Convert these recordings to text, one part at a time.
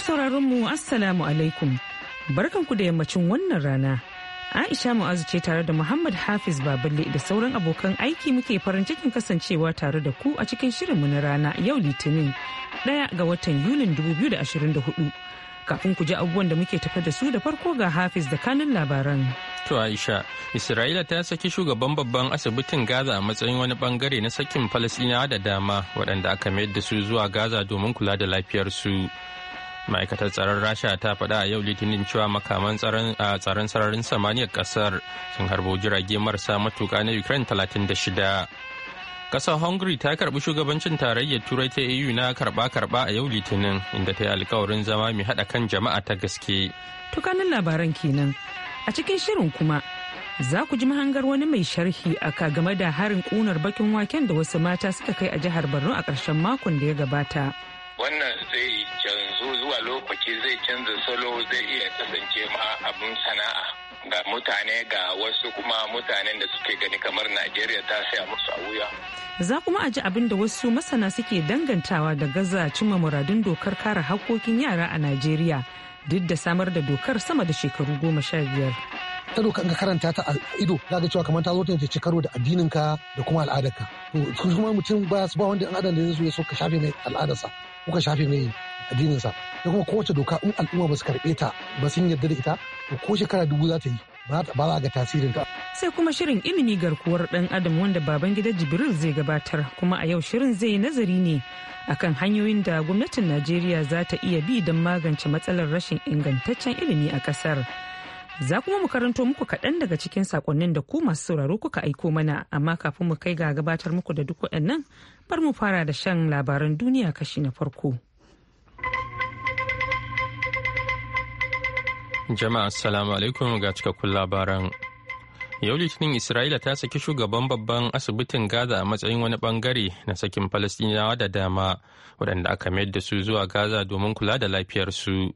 Masu sauraron mu Assalamu alaikum. Barkanku da yammacin wannan rana. Aisha Mu'azu ce tare da Muhammad Hafiz Baballe da sauran abokan aiki muke farin cikin kasancewa tare da ku a cikin shirinmu na rana yau Litinin ɗaya ga watan da 2024. Kafin ku ji abubuwan da muke tafa da su da farko ga Hafiz da kanin labaran. To Aisha, Isra'ila ta saki shugaban babban asibitin Gaza a matsayin wani bangare na sakin Falasɗinawa da dama waɗanda aka mayar da su zuwa Gaza domin kula da lafiyarsu. ma'aikatar tsaron rasha ta faɗa a yau litinin cewa makaman tsaron sararin samaniyar ƙasar sun harbo jirage marasa matuƙa na ukraine 36 ƙasar hungary ta karbi shugabancin tarayyar turai ta eu na karɓa-karɓa a yau litinin inda ta yi alkawarin zama mai haɗa kan jama'a ta gaske tukanin labaran kenan a cikin shirin kuma za ku ji mahangar wani mai sharhi aka game da harin ƙunar bakin waken da wasu mata suka kai a jihar borno a ƙarshen makon da ya gabata. wannan zai canzu zuwa lokaci zai canza salo zai iya kasance ma abin sana'a ga mutane ga wasu kuma mutanen da suke gani kamar najeriya ta saya musu a wuya za kuma a ji abin da wasu masana suke dangantawa da gaza cimma muradun dokar kare haƙƙoƙin yara a najeriya duk da samar da dokar sama da shekaru goma sha biyar ta dokar ka karanta ta a ido za ka cewa kamar ta zo ta ce karo da addinin da kuma al'adarka to kuma mutum ba su ba wanda an adana da zai ya so ka shafe mai al'adarsa kuka shafe mai addininsa da kuma kowace doka in al'umma ba su karɓe ta ba sun yarda da ita to ko shekara dubu za ta yi ba za ga tasirin ta. sai kuma shirin ilimi garkuwar ɗan adam wanda baban gidan jibril zai gabatar kuma a yau shirin zai nazari ne akan hanyoyin da gwamnatin najeriya za ta iya bi don magance matsalar rashin ingantaccen ilimi a ƙasar. Za kuma mu karanto muku kaɗan daga cikin sakonnin da ku masu sauraro kuka aiko mana amma kafin mu kai ga gabatar muku da duk waɗannan bar mu fara da shan labaran duniya kashi na farko. Jama'a assalamu alaikum ga cikakkun labaran. Yau Litinin Isra'ila ta saki shugaban babban asibitin Gaza a matsayin wani bangare na sakin Falastinawa da dama waɗanda aka mayar da su zuwa Gaza domin kula da lafiyarsu.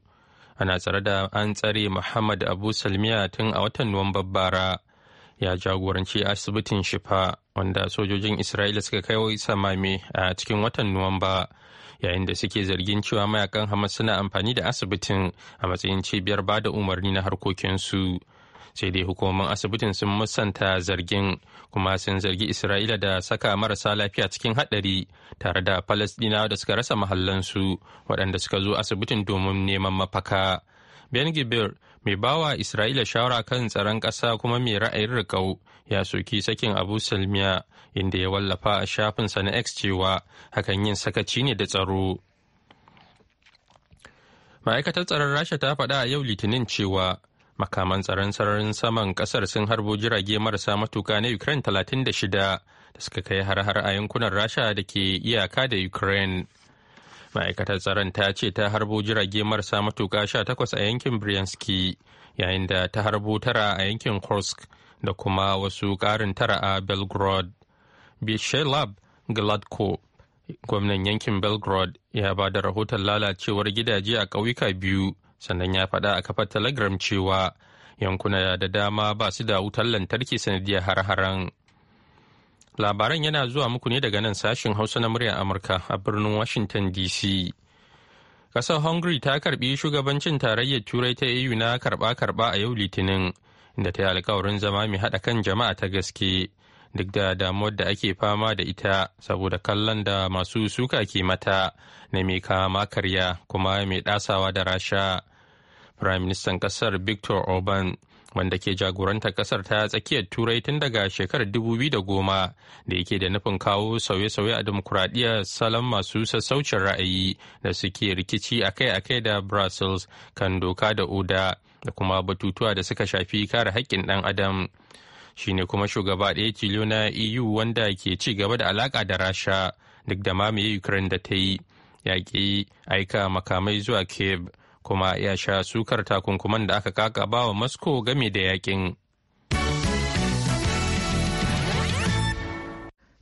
ana tsare da an tsare muhammad abu salmiya tun a watan nuwambar bara ya jagoranci asibitin shifa wanda sojojin isra'ila suka kai samame a cikin watan nuwamba yayin da suke zargin cewa mayakan hamas suna amfani da asibitin a matsayin cibiyar bada umarni na harkokinsu sai dai hukumomin asibitin sun musanta zargin kuma sun zargi isra'ila da saka marasa lafiya cikin haɗari tare da falasɗinawa da suka rasa mahallansu waɗanda suka zo asibitin domin neman mafaka ben gibir mai bawa isra'ila shawara kan tsaron ƙasa kuma mai ra'ayin rikau ya soki sakin abu salmiya inda ya wallafa a shafinsa na x cewa hakan yin sakaci ne da tsaro ma'aikatar tsaron rasha ta faɗa a yau litinin cewa makaman tsaron sararin saman kasar sun harbo jirage marasa matuka na ukraine talatin da shida da suka kai har-har a yankunan rasha da ke iyaka da ukraine ma'aikatar tsaron ta ce ta harbo jirage marasa matuka 18 a yankin bryanski yayin da ta harbo tara a yankin kursk da kuma wasu ƙarin tara a belgrade bishelab gladko gwamnan yankin belgrade ya ba da rahoton lalacewar gidaje a ƙauyuka biyu sannan ya faɗa a kafar telegram cewa yankuna da dama ba su da wutar lantarki sanadiyar har-haren labaran yana zuwa muku ne daga nan sashin hausa na muryar amurka a birnin washington dc ƙasar hungary ta karbi shugabancin tarayyar turai ta eu na karba-karba a yau litinin da ta yi alkawarin zama mai haɗa kan jama'a ta gaske duk da damuwar da ake fama da ita saboda kallon da masu suka ke mata na mai kama karya kuma mai ɗasawa da rasha Firaministan ƙasar Victor Orban wanda ke jagorantar ƙasar ta tsakiyar Turai tun daga shekarar dubu biyu da yake da nufin kawo sauye-sauye a demokuraɗiyyar salon masu sassaucin ra'ayi da suke rikici akai-akai da Brussels kan doka da oda da kuma batutuwa da suka shafi kare haƙƙin ɗan adam. shi ne kuma shugaba ɗaya tilo na EU wanda ke ci gaba da alaƙa da Rasha duk da mamaye Ukraine da ta yi yaƙi aika makamai zuwa Kiev kuma ya sha sukar takunkuman da aka kakaba wa Moscow game da yakin.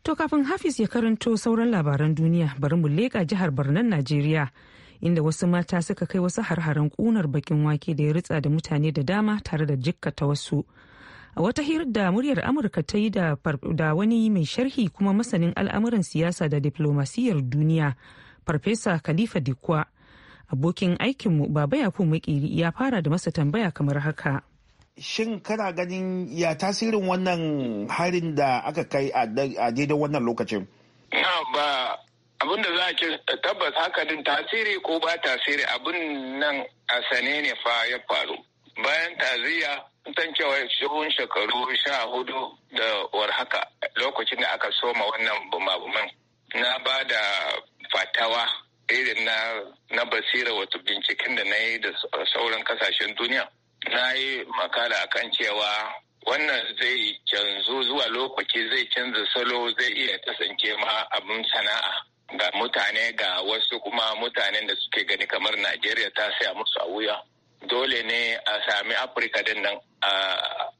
To kafin Hafiz ya karanto sauran labaran duniya bari mu leƙa jihar Barnan Najeriya inda wasu mata suka kai wasu harharen ƙunar bakin wake da ya ritsa da mutane da dama tare da jikkata wasu. A wata hirar da muryar Amurka ta yi da wani mai sharhi kuma masanin al'amuran siyasa da diplomasiyar duniya, Farfesa Khalifa Dikwa. abokin aikinmu baba ya yakubu makiri ya fara da masa tambaya kamar haka shin kana ganin ya tasirin wannan harin da aka kai a daidai wannan lokacin ba abin da za ki tabbas din tasiri ko ba tasiri abin nan a sane ne fa ya faru bayan taziya tan cewa tsohon shekaru sha hudu da warhaka lokacin da aka soma wannan bumabuman na ba da fatawa irin na na basira wato binciken da na yi da sauran kasashen duniya na yi makala kan cewa wannan zai canzu zuwa lokaci zai canza salo zai iya kasance ma abin sana'a ga mutane ga wasu kuma mutanen da suke gani kamar najeriya ta saya musu a wuya dole ne a sami afirka din nan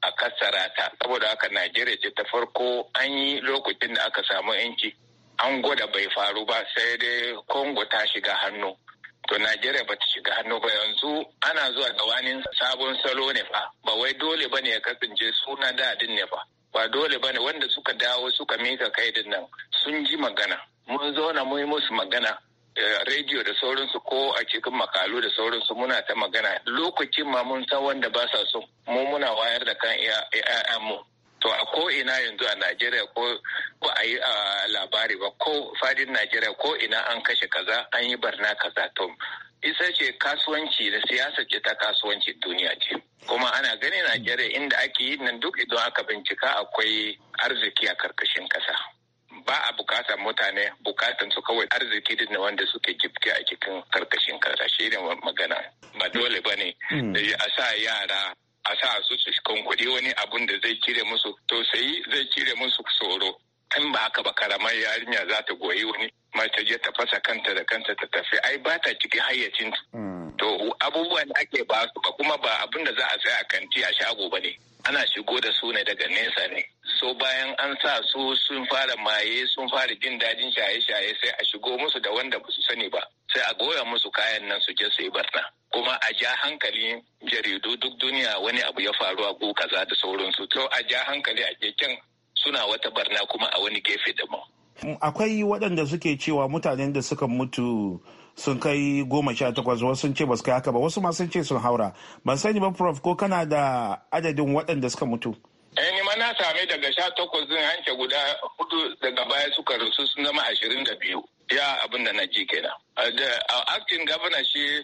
a kasara ta saboda haka najeriya ce ta farko an yi lokacin da aka samu yanci an gwada bai faru ba sai dai Kongo ta shiga hannu to Najeriya ba ta shiga hannu ba yanzu ana zuwa da wani sabon salo ne fa ba wai dole ne ya kasance suna dadin ne fa ba dole ba ne wanda suka dawo suka mika kai din nan sun ji magana mun zauna mun yi musu magana eh, rediyo da sauransu ko a cikin makalu da sauransu muna ta magana lokacin ma mun san wanda ba sa so mu muna wayar da kan mu to a ko ina yanzu a najeriya ko ba a yi ah, labari ba ko fadin najeriya ko ina an kashe kaza an yi barna kaza to isa ce kasuwanci da siyasa ce ta kasuwanci duniya ce kuma ana gani najeriya inda ake yi nan duk idan aka bincika akwai arziki a karkashin kasa ba a bukatar mutane bukatan su kawai arziki da din wanda suke jibge a cikin karkashin kasa shi magana ba dole ba ne hmm. a sa yara a sa su su kuɗi wani abun da zai cire musu tausayi zai cire musu tsoro in ba haka ba karamar yarinya za ta goyi wani mace ta fasa kanta da kanta ta tafi ai ba ta ciki hayyacin hmm. to abubuwan da ake ba su ba kuma ba abin da za a saya a kanti a shago ba ne ana shigo da su ne daga nesa ne so bayan an sa su sun fara maye sun fara jin dadin shaye-shaye sai a shigo musu da wanda ba su sani ba sai a goya musu kayan nan su je su yi barna kuma a ja hankali jaridu duk duniya wani abu ya faru a ko kaza da sauransu to a ja hankali a keken suna wata barna kuma a wani gefe daban akwai waɗanda suke cewa mutanen da suka mutu sun kai goma sha takwas wasu sun ce ba kai haka ba wasu ma sun ce sun haura ban sani ba prof ko kana da adadin waɗanda suka mutu eh ni ma na same daga sha takwas din hanke guda hudu daga baya suka rasu sun zama ashirin da biyu ya abin da na ji kenan da acting governor shi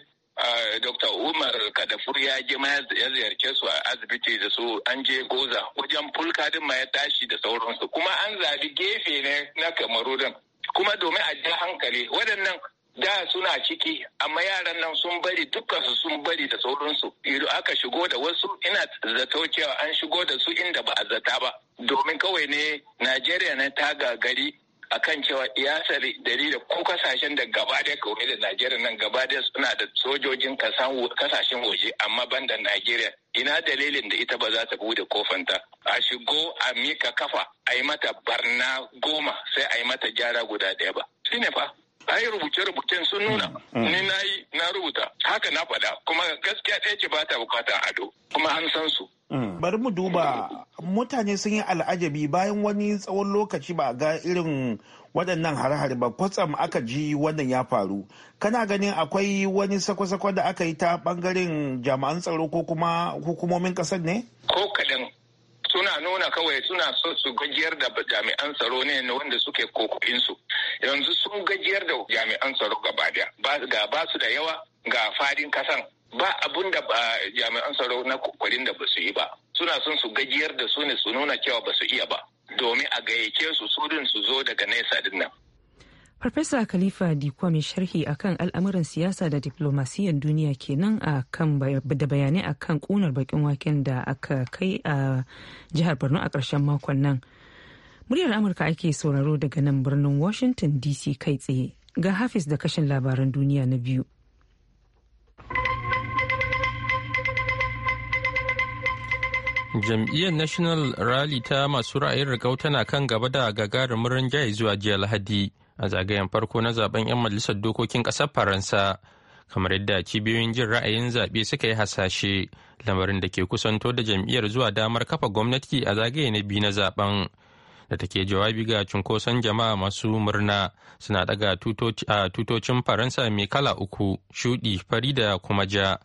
Dr. Umar Kadafur ya je ma ya ziyarce su a asibiti da su an je goza wajen fulka din ma ya tashi da sauransu kuma an zabi gefe ne na kamaru din kuma domin a ji hankali waɗannan da suna ciki amma yaran nan sun bari dukkansu sun bari da sauransu idan aka shigo da wasu ina zato cewa an shigo da su inda ba a zata ba domin kawai ne najeriya na ta gagari akan cewa iyasar dari da ko kasashen da gaba da kome da Najeriya nan gaba da suna da sojojin kasashen waje amma ban da Najeriya ina dalilin da ita ba za ta bude kofanta a shigo a mika kafa a yi mata barna goma sai a yi mata jara guda ɗaya ba shine fa yi rubuce-rubucen sun nuna mm. ni na yi na rubuta haka na faɗa kuma gaskiya ɗaya ce ba ta bukatan ado kuma an san su mm. bari mu duba mutane sun yi al'ajabi bayan wani tsawon lokaci ba ga irin waɗannan har-har ba kwatsam aka ji wannan ya faru kana ganin akwai wani sako-sako da aka yi ta ɓangaren jami'an tsaro ko kuma hukumomin ƙasar ne ko kaɗan suna nuna kawai suna so su gajiyar da jami'an tsaro ne wanda suke kokoinsu yanzu sun gajiyar da jami'an tsaro gaba ga ba su da yawa ga fadin kasan ba abun da jami'an tsaro na kokarin da ba su yi ba suna son su gajiyar da su ne su nuna cewa ba su iya ba domin a gayyace su su su zo daga nesa din nan Farfesa Khalifa Diko mai sharhi akan al'amuran siyasa da diplomasiyyar duniya kenan a kan da bayanai akan kunar bakin waken da aka kai a jihar Borno a ƙarshen makon nan. Muryar Amurka ake sauraro daga nan birnin Washington DC kai tsaye ga Hafiz da kashin labaran duniya na biyu. Jam'iyyar National Rally ta masu ra'ayin rigau tana kan gaba da gagarumin rinjaye zuwa jiya Lahadi. a zagayen farko na zaben 'yan majalisar dokokin ƙasar faransa kamar yadda kibiyoyin jin ra'ayin zaɓe suka yi hasashe lamarin da ke kusanto da jam'iyyar zuwa damar kafa gwamnati a zagaye na biyu na zaben da take jawabi ga cunkoson jama'a masu murna suna daga tutocin faransa mai kala uku shudi fari da kuma ja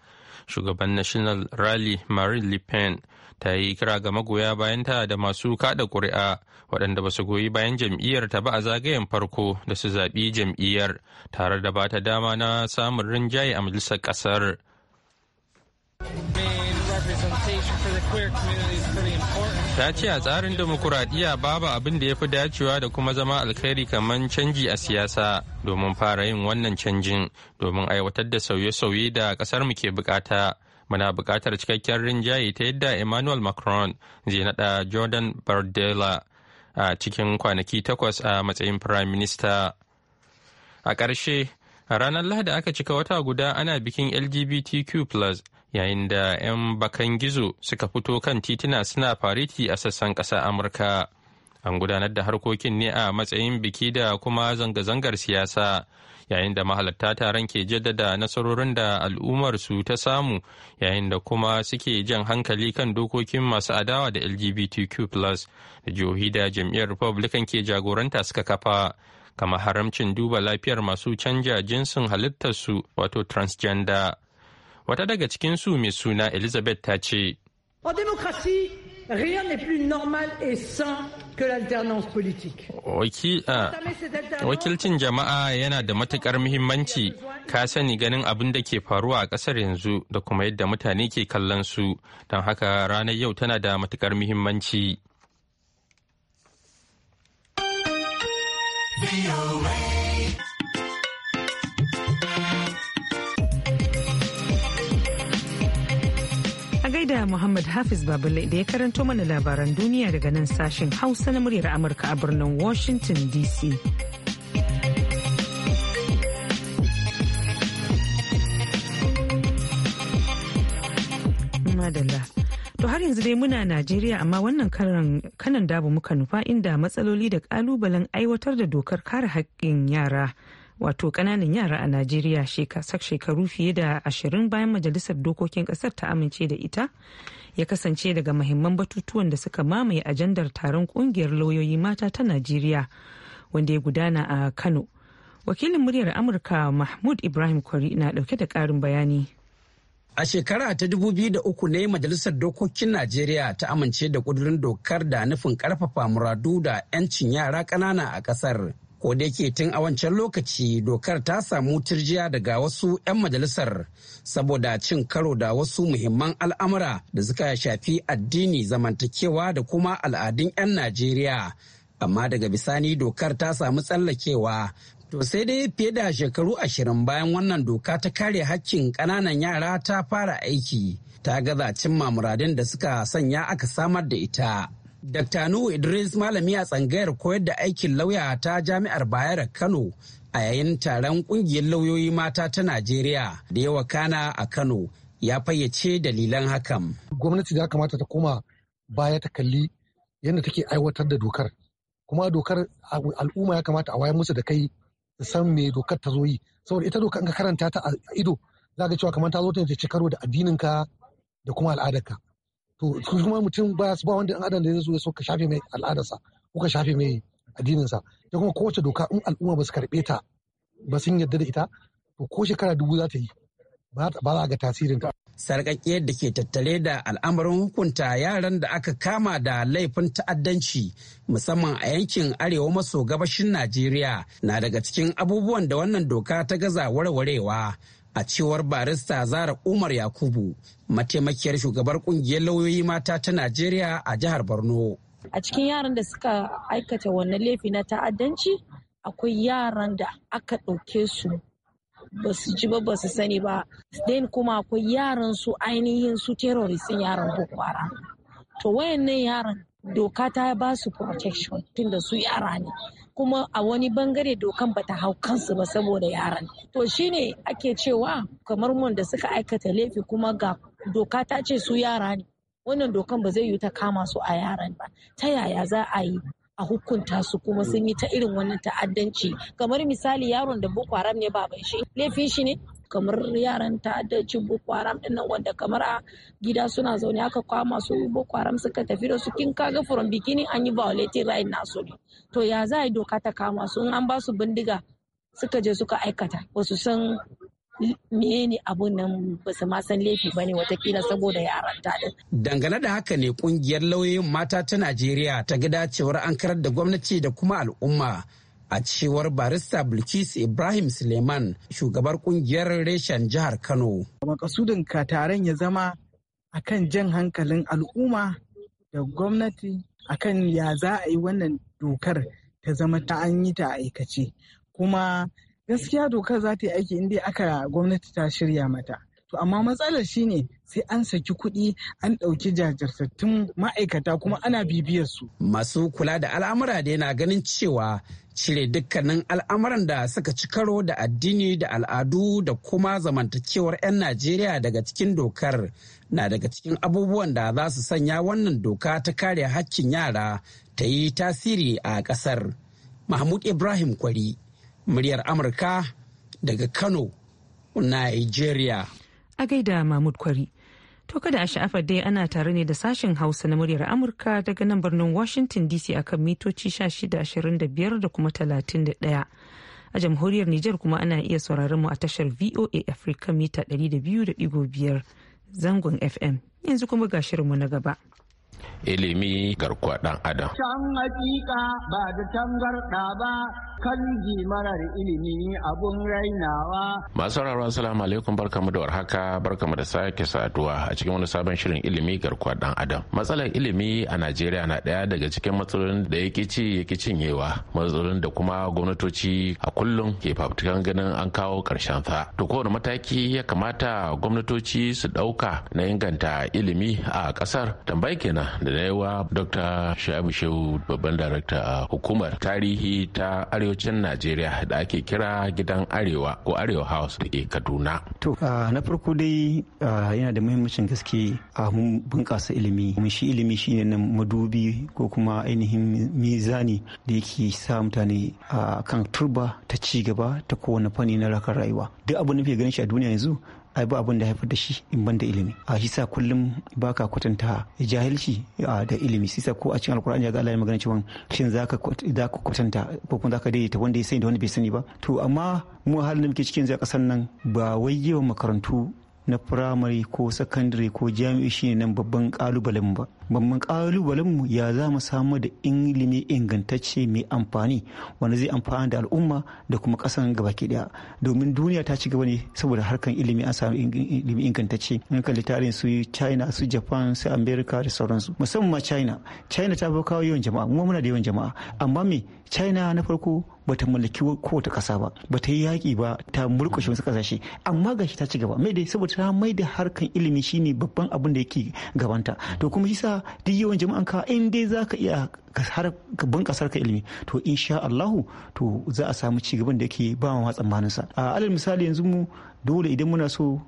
shugaban national rally marine le pen ta yi kira ga magoya bayan bayanta da masu kada ƙuri'a waɗanda ba su goyi bayan jam'iyyar ta ba a zagayen farko da su zaɓi jam'iyyar tare da ba ta dama na samun rinjaye a majalisar ƙasar. Ta ce a tsarin demokuraɗiyya babu abin da ya fi dacewa da kuma zama alkhairi kamar canji a siyasa domin fara yin wannan canjin domin aiwatar da sauye-sauye da ƙasar mu ke bukata. muna buƙatar cikakken rinjaye ta yadda emmanuel macron zai nada jordan bardella a cikin kwanaki takwas a matsayin prime minister a ƙarshe a ranar lahadi aka cika wata guda ana bikin lgbtq plus yayin da 'yan bakan gizo suka fito kan tituna suna fariti a sassan ƙasa amurka an gudanar da harkokin ne a matsayin biki da kuma zanga-zangar siyasa yayin da mahalarta taron ke jaddada nasarorin da al'ummar su ta samu yayin da kuma suke jan hankali kan dokokin masu adawa da lgbtq da jihohi da jam'iyyar republican ke jagoranta suka kafa kama haramcin duba lafiyar masu canja jinsin halittarsu wato transgender wata daga cikinsu mai suna elizabeth ta ce Rien n'est plus normal et sain que l'alternance politique. Ah, Wakilcin jama'a yana da matukar muhimmanci ka sani ganin abin da ke faruwa a ƙasar yanzu da kuma yadda mutane ke kallon su don haka ranar yau tana da matukar muhimmanci. gaida Muhammad Hafiz Babalai da ya karanto mana labaran duniya daga nan sashen Hausa na muryar Amurka a birnin Washington DC. Madalla. To har yanzu dai muna Najeriya amma wannan kanan dabu muka nufa inda matsaloli da kalubalen aiwatar da dokar kare haƙƙin yara. wato kananan yara a najeriya shekaru fiye da ashirin bayan majalisar dokokin kasar ta amince da ita ya kasance daga mahimman batutuwan da suka mamaye ajandar taron kungiyar lauyoyi mata ta najeriya wanda ya gudana a kano wakilin muryar amurka mahmud ibrahim kwari na dauke da karin bayani A shekara ta dubu biyu da uku ne Majalisar Dokokin Najeriya ta amince da kudurin dokar da nufin karfafa muradu da 'yancin yara ƙanana a ƙasar ko da yake tun a wancan lokaci dokar ta samu turjiya daga wasu 'yan majalisar saboda cin karo da wasu muhimman al'amura da suka shafi addini zamantakewa da kuma al'adun 'yan najeriya amma daga bisani dokar ta samu tsallakewa to sai dai fiye da shekaru ashirin bayan wannan doka ta kare hakkin ƙananan yara ta fara aiki ta gaza cimma muradin da suka sanya aka samar da ita Dr. Nuhu Idris malami a tsangayar koyar da aikin lauya ta Jami'ar Bayero Kano a yayin taron kungiyar lauyoyi mata ta Najeriya da yawa kana a Kano ya fayyace dalilan hakan. Gwamnati da kamata ta koma baya ta kalli yadda take aiwatar da dokar. Kuma dokar al'umma ya kamata a wayar musu da kai su san me dokar ta zo yi. Saboda ita dokar ka karanta ta a ido za ka cewa kamar ta zo ta ce karo da addininka da kuma al'adarka. to eh. kuma mutum ba ba wanda an adam da ya ya so ka shafe mai al'adarsa ko ka shafe mai addininsa da kuma kowace doka in al'umma ba su karbe ta ba sun yarda da ita to ko shekara dubu za ta yi ba za a ga tasirin ta. sarkake da ke tattare da al'amarin hukunta yaran da aka kama da laifin ta'addanci musamman a yankin arewa maso gabashin Najeriya na daga cikin abubuwan da wannan doka ta gaza warwarewa a cewar barista zara umar yakubu mataimakiyar shugabar kungiyar lauyoyi mata ta najeriya a jihar borno a cikin yaran da suka aikata wannan laifi na ta'addanci akwai yaran da aka ɗauke su ba su ji ba su sani ba den kuma akwai yaran su ainihin su terrorist yaran boko haram to wayannan yaran doka ta ba su protection tunda su yara ne kuma a wani bangare dokan bata hau kansu ba saboda yaran to shine ake cewa kamar mun da suka aikata laifi kuma ga doka ta ce su yara ne wannan dokan ba zai yi ta kama su a yaran ba ta yaya za a yi a hukunta su kuma sun yi ta irin wannan ta'addanci kamar misali yaron da boko haram ne baban shi laifin shi ne kamar yaran cin boko haram din nan wanda kamar a gida suna zaune aka kama su boko haram suka tafi da su kin kaga from bikini an yi violating right nasu ne to ya za a doka ta kama su in an ba su bindiga suka je suka aikata wasu san menene abun nan ba su ma san laifi ba ne watakila saboda yaran ta Dangane da haka ne kungiyar lauyoyin mata ta Najeriya ta gida cewar an karar da gwamnati da kuma al'umma a cewar barista bilkis ibrahim suleiman shugabar kungiyar reshen jihar kano makasudin ka taron ya zama a kan jan hankalin al'umma da gwamnati a kan ya za a yi wannan dokar ta zama ta an yi ta aikace kuma gaskiya dokar za ta yi aiki inda aka gwamnati ta shirya mata To amma matsalar shine sai an saki kuɗi an ɗauki jajirtattun ma'aikata kuma ana bibiyar su. Masu kula da al'amura da yana ganin cewa cire dukkanin al'amuran da suka ci karo da addini da al'adu da kuma zamantakewar 'yan Najeriya daga cikin dokar na daga cikin abubuwan da za su sanya wannan doka ta kare hakkin yara ta yi tasiri a ƙasar. Mahmud Ibrahim Kwari, muryar Amurka daga Kano, Nigeria. a gaida Mahmud Kwari. To kada a sha'afar dai ana tare ne da sashen Hausa na muryar Amurka daga nan birnin Washington DC akan mitoci 1625 da kuma 31. A jamhuriyar Nijar kuma ana iya sauraron mu a tashar VOA Africa mita 200.5 zangon FM. Yanzu kuma ga shirinmu na gaba. Ilimi garkuwa ɗan adam. Can hakika ba da tangarɗa ba kanji marar ilimi abun rainawa. Masu rarwa salamu alaikum barkamu da warhaka barkamu da sake saduwa a cikin wani sabon shirin ilimi garkuwa dan adam. Matsalar ilimi a Najeriya na ɗaya daga cikin matsalolin da ya ci ya cinyewa matsalolin da kuma gwamnatoci a kullum ke fafutukan ganin an kawo ƙarshen sa. To kowane mataki ya kamata gwamnatoci su ɗauka na inganta ilimi a ƙasar tambayi kenan da na yi wa Dr. Shabu Shehu babban darakta a hukumar tarihi ta Arewa arewacin najeriya da ake kira gidan arewa ko arewa house da ke kaduna to na farko dai yana da muhimmancin gaske a mun bunkasa ilimi mun shi ilimi shine na madubi ko kuma ainihin mizani da yake sa mutane a kan turba ta ci gaba ta kowane fanni na rakar rayuwa duk abu nufi ganin shi a duniya yanzu ai ba abin da haifar da shi in ban da ilimi a sa kullum baka kwatanta jahilci da ilimi sisa ko a cikin alkur'ani ya ga Allah ya magana cewa shin za ka kwatanta ko kuma za ka daidaita wanda ya sani da wanda bai sani ba to amma mu halin da muke cikin yanzu a kasar nan ba wai yawan makarantu na firamare ko sakandare ko jami'i shine nan babban kalubalen ba babban kalubalen mu ya za mu samu da ilimi ingantacce mai amfani wanda zai amfana da al'umma da kuma kasan gabaki daya domin duniya ta ci gaba ne saboda harkan ilimi an samu ilimi ingantacce in kalli tarihin su china su japan su america da sauransu musamman china china ta fi kawo yawan jama'a mu muna da yawan jama'a amma me china na farko bata mallaki kowace kasa ba bata yi yaƙi ba ta murƙushe wasu kasashe amma gashi ta ci gaba mai dai saboda ta mai da harkan ilimi shine babban abin da yake gabanta to kuma sa duk yawan jama'an ka in dai za ka iya har kasar ka ilimi to insha Allahu to za a samu ci gaban da yake ba ma tsammanin sa alal misali yanzu mu dole idan muna so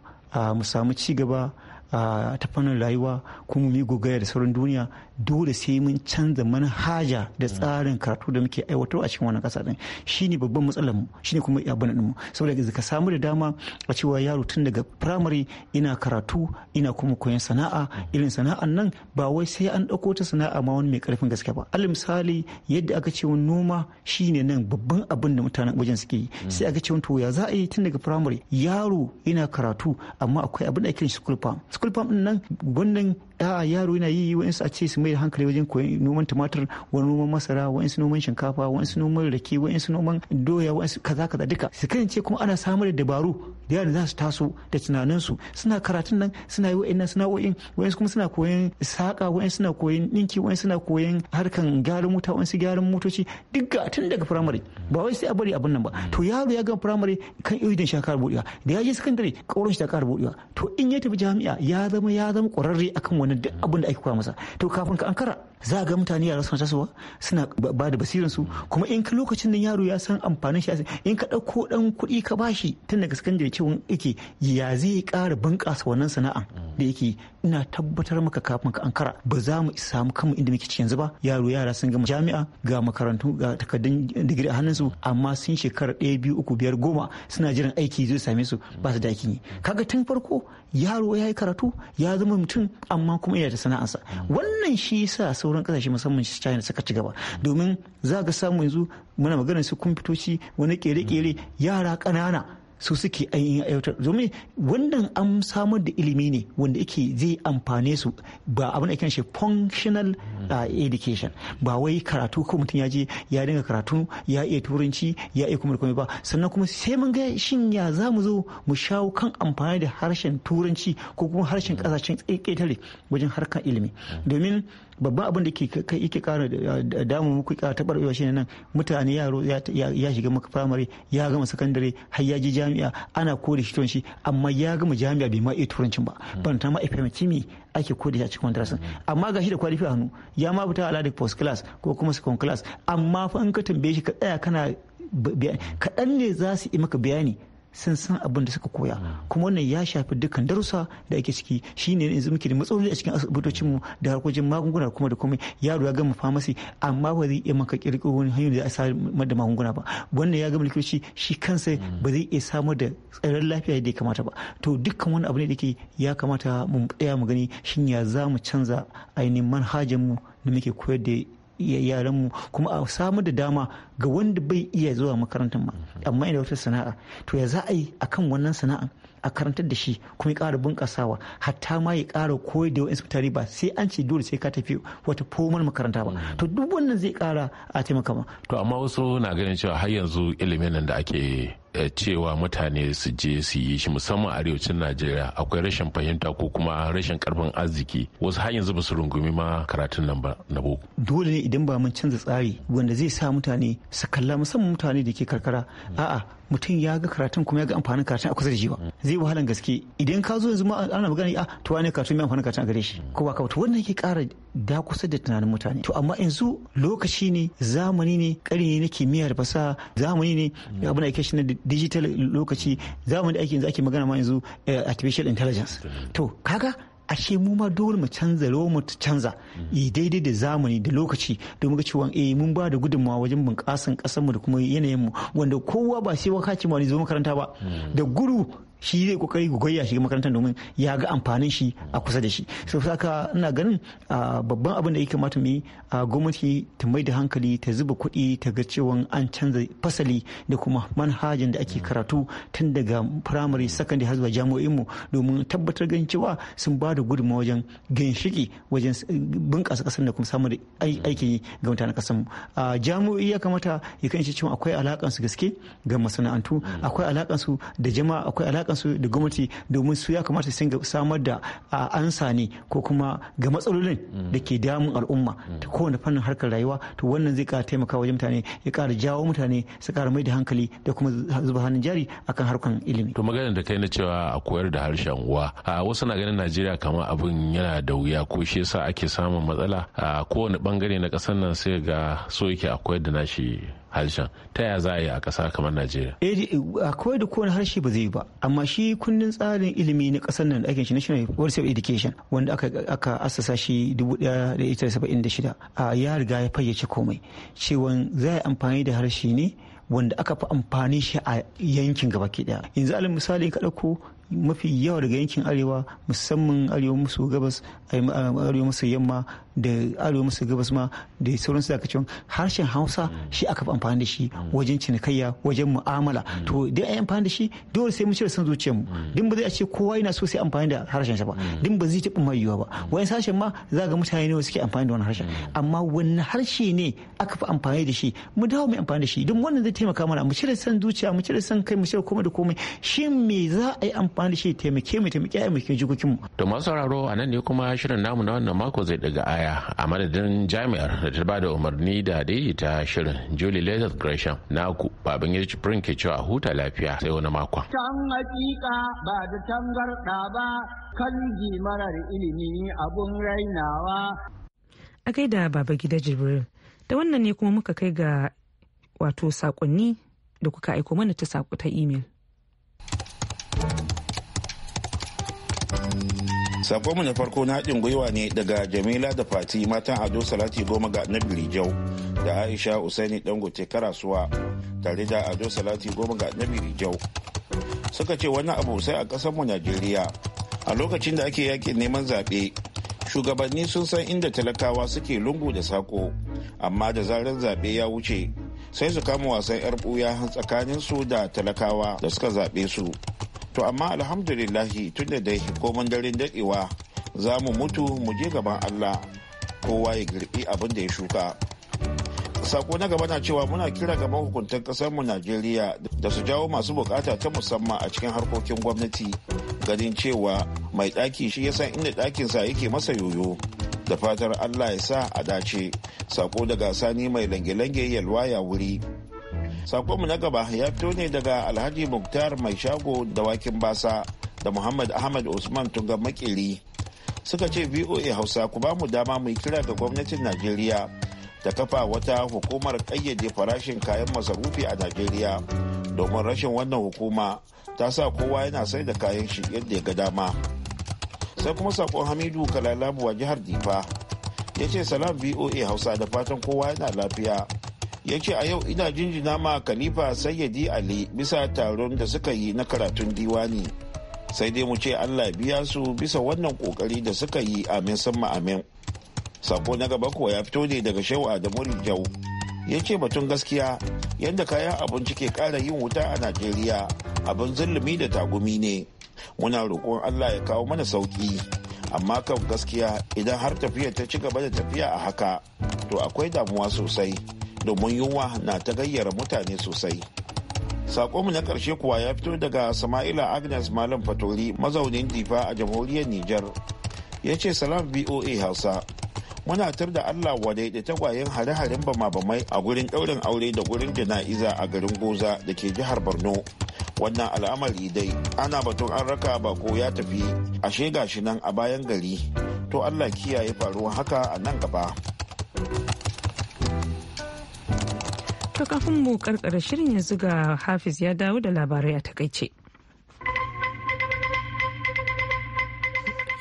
mu samu ci gaba ta fannin rayuwa kuma mu gogaya da sauran duniya dole sai mun canza manhaja da tsarin karatu da muke aiwatar a cikin wannan kasa din shine babban matsalar mu shine kuma abin din mu saboda ka samu da dama a cewa yaro tun daga primary ina karatu ina kuma koyon sana'a irin sana'an nan ba wai sai an dauko ta sana'a ma wani mai karfin gaske ba al misali yadda aka ce noma shine nan babban abin da mutanen wajen suke yi sai aka ce to ya za a yi tun daga primary yaro ina karatu amma akwai abin da ake kiran school farm school form nan gwamnan a'a yaro yana yi wa'insu a ce su mai da hankali wajen koyon noman tumatir wa noman masara wa'insu noman shinkafa wa'insu noman rake wa'insu noman doya wa'insu kaza kaza duka su ce kuma ana samar da dabaru da yaran za su taso da tunaninsu suna karatun nan suna yi wa'annan sana'o'in wa'insu kuma suna koyon saƙa wa'insu suna koyon ɗinki wa'insu suna koyon harkan gyaran mota wa'insu gyaran motoci duka tun daga firamare ba wai sai a bari abin nan ba to yaro ya gama firamare kan irin shi ya kara buɗewa da ya je sakandare ƙaurin shi ta kara buɗewa to in ya tafi jami'a ya zama ya zama ƙwararre akan wani wani duk abin da ake kwa masa to kafin ka ankara za a ga mutane yara suna tasowa suna ba da basirin su kuma in ka lokacin da yaro ya san amfanin shi in ka ɗauko ɗan kuɗi ka bashi tun daga sakandare cewa yake ya zai ƙara bunƙasa wannan sana'a da yake ina tabbatar maka kafin ka ankara ba za mu samu kanmu inda muke cikin yanzu ba yaro yara sun gama jami'a ga makarantu ga takardun digiri a su amma sun shekara ɗaya biyu uku biyar goma suna jiran aiki zai same su ba su da aikin yi kaga tun farko yaro ya yi karatu ya zama mutum amma kuma yana da sana'arsa wannan shi yasa sauran kasashe musamman china suka ci gaba domin za ka samu yanzu muna magana su kwamfutoci wani kere-kere yara ƙanana su suke ainihin aiwatar domin wannan an samar da ilimi ne wanda yake zai amfane su ba abin da shi functional hmm. ah, education ba wai karatu ko mutum ya je ya dinga karatu ya iya turanci ya iya kuma komai ba sannan kuma sai mun ga shin ya za mu zo mu shawo kan amfani da harshen turanci ko kuma harshen kasashen hmm. ƙetare wajen harkar ilimi hmm. domin babban abin da yake kara damu muku ka taɓarɓewa shine nan mutane yaro ya shiga maka firamare ya gama sakandare har ya ji jami'a ana kore shi turanci amma ya gama jami'a bai ma iya turancin ba hmm. ban ta ma ifa me ake kore shi a cikin darasin hmm. amma gashi da kwalifi a hannu ya ma fita da post class ko kuma second class amma fa in ka tambaye shi ka tsaya kana kaɗan ne za su yi maka bayani sun san abin da suka koya mm. kuma wannan ya shafi dukkan darussa da ake ciki shine yanzu muke da matsaloli a cikin asibitocinmu da harkokin magunguna kuma da komai yaro ya gama famasi amma ba zai iya maka kirkiro wani hanyar da a samar da magunguna ba wannan ya gama likitoci shi kansa mm. ba zai iya samar da tsaron lafiya da ya kamata ba to dukkan wani abu ne da ke ya kamata mu tsaya mu gani shin ya za mu canza ainihin manhajar mu da muke koyar da iya yaranmu kuma a samu da dama ga wanda bai iya zuwa makarantar ma amma ina wata sana'a to ya za a yi akan wannan sana'a a karantar da shi kuma ya kara bunƙasawa hatta ma ya kara koyar da wa'insu mutane ba sai an ce dole sai ka tafi wata fomar makaranta ba to duk wannan zai kara a taimaka ma to amma wasu na ganin cewa har yanzu ilimin nan da ake Eh, cewa mutane su je su yi shi musamman arewacin najeriya akwai rashin fahimta ko kuma rashin karfin arziki wasu har yanzu ba su rungumi ma karatun nan ba na boko dole ne idan ba mun canza tsari wanda zai sa mutane su kalla musamman mutane da ke karkara a'a mutum ya ga karatun kuma ya ga amfanin karatun a kusa da jiwa zai wahalan gaske idan ka zo yanzu ma ana magana a ah, to ne karatun mai amfanin karatun a gare shi ko ba ka wannan yake kara da kusa da tunanin mutane to amma yanzu lokaci ne zamani ne ne na kimiyyar fasaha zamani ne mm. abin da ake shi na digital lokaci zamani da ake yanzu ake magana ma yanzu eh, artificial intelligence to kaga ashe mu ma dole mu canza rawa mu canza mm. daidai da zamani da lokaci domin ga cewa eh mun ba da gudunmawa wajen bunƙasan ƙasar mu da kuma yanayin mu wanda kowa ba sai wakaci ma ne zo makaranta ba mm. da guru shi zai kokari gogayya shiga makarantar domin ya ga amfanin shi a kusa da shi sau saka ina ganin babban abin da ya kamata mu yi gwamnati ta mai da hankali ta zuba kuɗi ta ga cewa an canza fasali da kuma manhajin da ake karatu tun daga firamare sakandare har zuwa jami'o'in mu domin tabbatar ganin cewa sun ba da gudunmawa wajen ginshiki wajen bunƙasa ƙasar da kuma samun aiki ga mutanen ƙasar mu jami'o'i ya kamata ya kan cewa akwai alaƙansu gaske ga masana'antu akwai alaƙansu da jama'a akwai alaƙa kansu da gwamnati domin su ya kamata su samar da ansa ne ko kuma ga matsalolin da ke damun al'umma ta kowane fannin harkar rayuwa to wannan zai kara taimaka wajen mutane ya kara jawo mutane su kara mai da hankali da kuma zuba hannun jari akan harkan ilimi. to maganin da kai na cewa a koyar da harshen uwa a wasu na ganin najeriya kamar abin yana da wuya ko shi yasa ake samun matsala a kowane bangare na kasar nan sai ga so yake a koyar da nashi harshen ta ya za a yi a ƙasa kamar najeriya eh, a koyar da kowane harshe ba zai yi ba amma shi kundin tsarin ilimi na ƙasar nan da ake national board of education wanda aka assasa shi 1976 ya riga ya fayyace komai cewa za a amfani da harshe ne wanda aka fi amfani shi a yankin gaba ke daya yanzu alal misali ka ɗauko mafi yawa daga yankin arewa musamman arewa maso gabas arewa maso yamma da arewa maso gabas ma da sauran su cewa harshen hausa shi aka fi amfani da shi wajen cinikayya wajen mu'amala to dai a amfani da shi dole sai mu cire san zuciyar mu din ba zai a ce kowa yana so sai amfani da harshen sa ba din ba zai taɓa mai yiwuwa ba wani sashen ma za ga mutane ne suke amfani da wani harshen amma wani harshe ne aka fi amfani da shi mu dawo mai amfani da shi don wannan zai taimaka mana mu cire san zuciya mu cire san kai mu cire komai da komai shin me za a yi amfani amfani shi taimake mu taimake ya muke jikokin mu. to masu sauraro a nan ne kuma shirin namu na wannan mako zai daga aya a madadin jami'ar da ta bada umarni da ta shirin julie lezard gresham Na ku, baban ya cifirin ke cewa huta lafiya sai wani makon. kan hakika ba da tangarɗa ba kan marar ilimi abun rainawa. a gaida baba gida jibril da wannan ne kuma muka kai ga wato sakonni da kuka aiko mana ta saƙo ta imel. sakonmu na farko na haɗin gwiwa ne daga jamila da fati matan ado salati goma ga annabi jau da aisha usaini dangote karasuwa tare da ado salati goma ga annabi jau. suka ce wani abu sai a ƙasarmu najeriya a lokacin da ake yakin neman zaɓe shugabanni sun san inda talakawa suke lungu da sako amma da zarar zaɓe ya wuce sai su kama wasan 'yar ɓuya tsakanin su da talakawa da suka zaɓe su to amma alhamdulillahi da dai komin daren daɗewa za mu mutu mu je gaban allah kowa ya girbi abin da ya shuka sako na gaba na cewa muna kira ga mahukuntan mu najeriya da su jawo masu bukata ta musamman a cikin harkokin gwamnati ganin cewa mai ɗaki shi ya san inda ɗakinsa yake masa yoyo da fatar allah ya sa a dace sako daga sani mai lange-lange yalwa ya wuri sakonmu na gaba ya fito ne daga alhaji muktar mai shago da wakin basa da muhammad ahmad usman tunga makili suka ce voa hausa ku ba mu dama mu kira ga gwamnatin najeriya ta kafa wata hukumar kayyade farashin kayan masarufi a najeriya domin rashin wannan hukuma ta sa kowa yana sai da kayan shi yadda ya ga dama sai kuma sakon hamidu kalalabuwa jihar difa ya ce salam voa hausa da fatan kowa yana lafiya ya ce a yau ina jinjina ma kalifa sayyadi ali bisa taron da suka yi na karatun diwani sai dai mu ce allah biya su bisa wannan kokari da suka yi amin samma amin sako na gaba kuwa ya fito ne daga shehu muri jau ya ce batun gaskiya yadda kayan abinci ke kara yin wuta a najeriya abin zulumi da tagumi ne muna roƙon allah ya kawo mana sauki amma kan gaskiya idan har tafiya ta ci gaba da tafiya a haka to akwai damuwa sosai domin yunwa na ta gayyara mutane sosai mu na ƙarshe kuwa ya fito daga sama'ila agnes malam fatori mazaunin difa a jamhuriyar niger ya ce salam voa hausa muna tar da allah wadai da tagwayen hare-haren bama-bamai a gurin ɗaurin aure da gurin jana'iza a garin goza da ke jihar borno wannan al'amari dai ana batun an raka bako ya tafi ashe gashi nan a bayan gari to allah kiyaye faruwa haka a nan gaba. To kafin mu karkara shirin yanzu ga Hafiz ya dawo da labarai a takaice.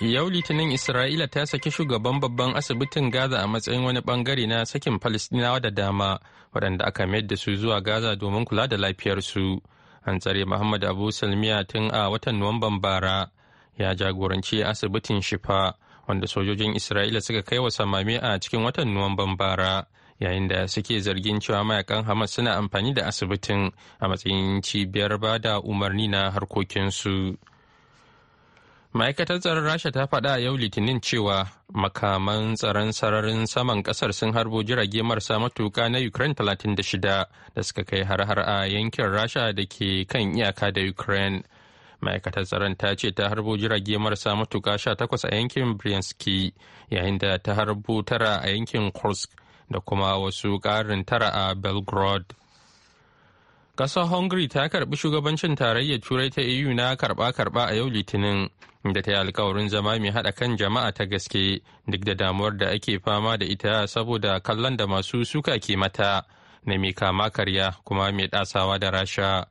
Yau Litinin Isra'ila ta saki shugaban babban asibitin Gaza a matsayin wani bangare na sakin Falistinawa da dama waɗanda aka mayar da su zuwa Gaza domin kula da lafiyarsu. An tsare Muhammad Abu Salmiya tun a watan Nuwamban bara ya jagoranci asibitin Shifa wanda sojojin Isra'ila suka kai wa samami a cikin watan Nuwamban bara. yayin da suke zargin cewa mayakan hamas suna amfani da asibitin a matsayin cibiyar ba da umarni na harkokinsu ma'aikatar tsaron rasha ta faɗa a yau litinin cewa makaman tsaron sararin saman ƙasar sun harbo jirage marasa matuka na ukraine 36 da suka kai har-har a yankin rasha da ke kan iyaka da ukraine ma'aikatar tsaron ta ce ta harbo jirage marasa matuka 18 a yankin bryanski yayin da ta harbo tara a yankin kursk da kuma wasu ƙarin tara a belgrade ƙasar hungary ta karbi shugabancin tarayyar turai ta eu na karba-karba a yau litinin da ta yi alkawarin zama mai haɗa kan jama'a ta gaske duk da damuwar da ake fama da ita saboda kallon da masu suka ke mata na mai kama karya kuma mai ɗasawa da rasha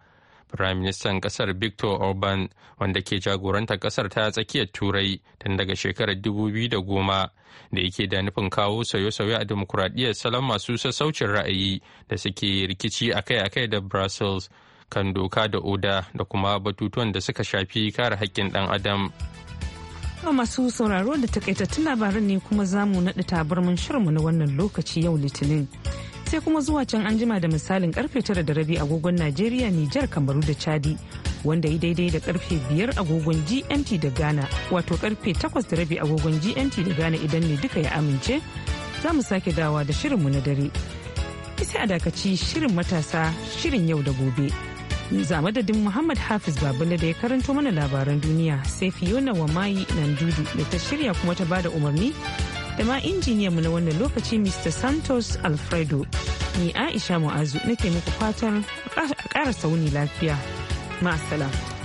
Firaministan kasar Victor Orban wanda ke jagoranta kasar ta tsakiyar Turai tun daga shekarar 2010 da yake da nufin kawo sauye-sauye a dimokuraɗiyyar salon masu sassaucin ra'ayi da suke rikici akai-akai da Brussels kan doka da oda da kuma batutuwan da suka shafi kare hakkin ɗan adam. A masu sauraro da takaitattun labaran ne kuma zamu mu naɗa tabarmin shirmu na wannan lokaci yau Litinin. sai kuma zuwa can an jima da misalin karfe tara da rabi agogon najeriya nijar kamaru da chadi wanda yi daidai da karfe biyar agogon gmt da ghana wato karfe takwas da rabi agogon gmt da ghana idan ne duka ya amince za mu sake dawa da shirin mu na dare sai a dakaci shirin matasa shirin yau da gobe za madadin muhammad hafiz babale da ya karanto mana labaran duniya sai fiona wa mayi nan dudu da ta shirya kuma ta bada umarni da ma mu na wannan lokaci Mr. Santos Alfredo. Ni Aisha Mu'azu nake muku fatar a ƙara sauni lafiya. Ma'asala.